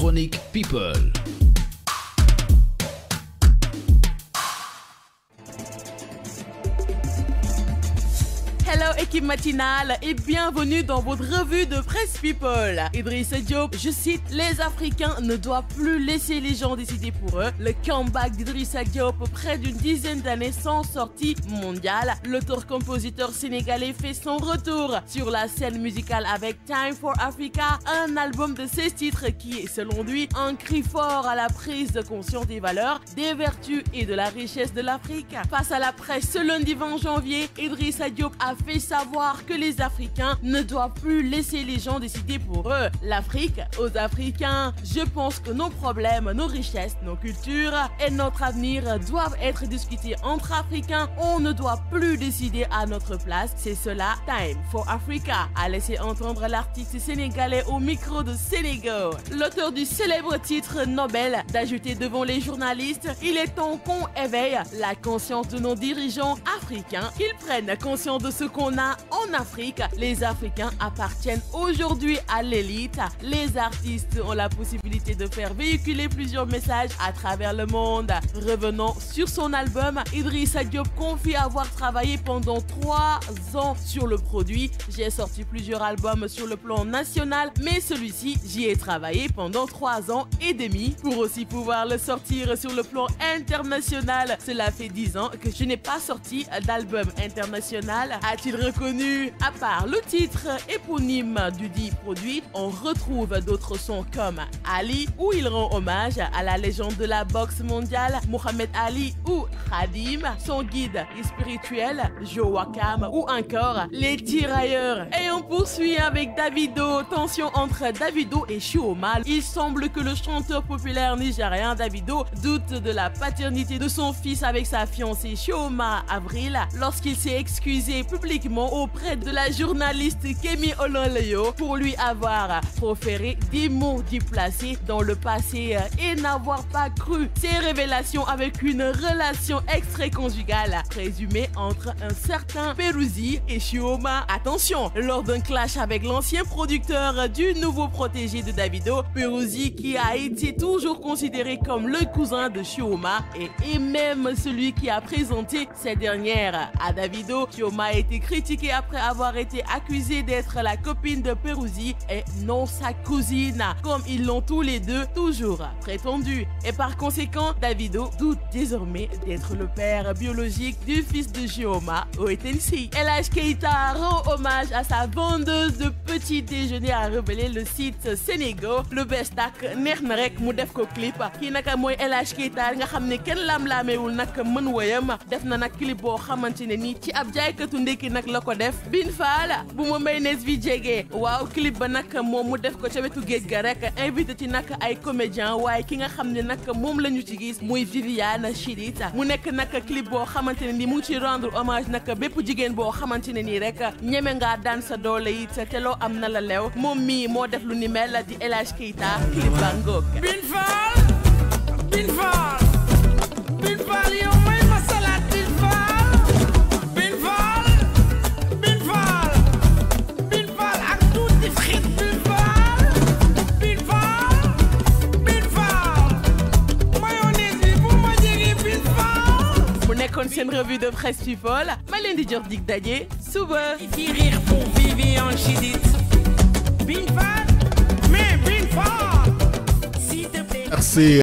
Chronique People. équipe matinale et bienvenue dans votre revue de Presse People. Idriss Diop, je cite, les Africains ne doivent plus laisser les gens décider pour eux. Le comeback d'Idriss Diop, près d'une dizaine d'années sans sortie mondiale, l'auteur-compositeur sénégalais fait son retour sur la scène musicale avec Time for Africa, un album de ses titres qui est selon lui un cri fort à la prise de conscience des valeurs, des vertus et de la richesse de l'Afrique. Face à la presse ce lundi 20 janvier, Idriss Diop a fait savoir que les Africains ne doivent plus laisser les gens décider pour eux. L'Afrique aux Africains. Je pense que nos problèmes, nos richesses, nos cultures et notre avenir doivent être discutés entre Africains. On ne doit plus décider à notre place. C'est cela, Time for Africa, a laissé entendre l'artiste sénégalais au micro de Sénégal. L'auteur du célèbre titre Nobel d'ajouter devant les journalistes, il est temps qu'on éveille la conscience de nos dirigeants africains, qu'ils prennent conscience de ce qu'on en Afrique. Les Africains appartiennent aujourd'hui à l'élite. Les artistes ont la possibilité de faire véhiculer plusieurs messages à travers le monde. Revenons sur son album, Idrissa Diop confie avoir travaillé pendant trois ans sur le produit. J'ai sorti plusieurs albums sur le plan national, mais celui-ci, j'y ai travaillé pendant trois ans et demi pour aussi pouvoir le sortir sur le plan international. Cela fait dix ans que je n'ai pas sorti d'album international, a-t-il reconnu. À part le titre éponyme du dit produit, on retrouve d'autres sons comme Ali, où il rend hommage à la légende de la boxe mondiale Mohamed Ali ou Khadim, son guide spirituel Joakam, ou encore les tirailleurs. Et on poursuit avec Davido. Tension entre Davido et Chioma. Il semble que le chanteur populaire nigérien Davido doute de la paternité de son fils avec sa fiancée Chioma Avril lorsqu'il s'est excusé publiquement auprès de la journaliste Kemi Olonleyo pour lui avoir proféré des mots déplacés dans le passé et n'avoir pas cru ses révélations avec une relation extra-conjugale présumée entre un certain Peruzzi et Shioma. Attention, lors d'un clash avec l'ancien producteur du nouveau protégé de Davido, Peruzzi qui a été toujours considéré comme le cousin de Shioma et, même celui qui a présenté cette dernière à Davido, Shioma a été critiquée après avoir été accusée d'être la copine de Peruzzi et non sa cousine, comme ils l'ont tous les deux toujours prétendu. Et par conséquent, Davido doute désormais d'être le père biologique du fils de Gioma, Oetensi. LH Keita rend hommage à sa vendeuse de petit déjeuner à révélé le site Sénégal. Le best Clip, qui na rek mu def ko clip qu'à naka mooy LH Keita nga qu'à moi lam-laameewul nag mën woyam def na nag clip boo xamante ne kina ci ab qu'à moi nag la ko def bin faala bu ma mayonnaise bi jegee waaw clip ba nag moom mu def ko ca wetu géej ga rek invité ci nag ay comédien waaye ki nga xam ne nag moom la ñu ci gis muy Viviane Chidita mu nekk nag clip boo xamante ne ni mu ngi ci rendre hommage nag bépp jigéen boo xamante ne nii rek ñeme ngaa daan sa doole sa te loo am na la lew moom mii moo def lu ni mel di El Hadj Keita clip ba ngóog bin Ancienne revue de presse, tu folles, Malin Dijordik Dadier, Soubeur. Et qui rire pour vivre en Chidite? Vinfat, mais vinfat! S'il te plaît. Merci.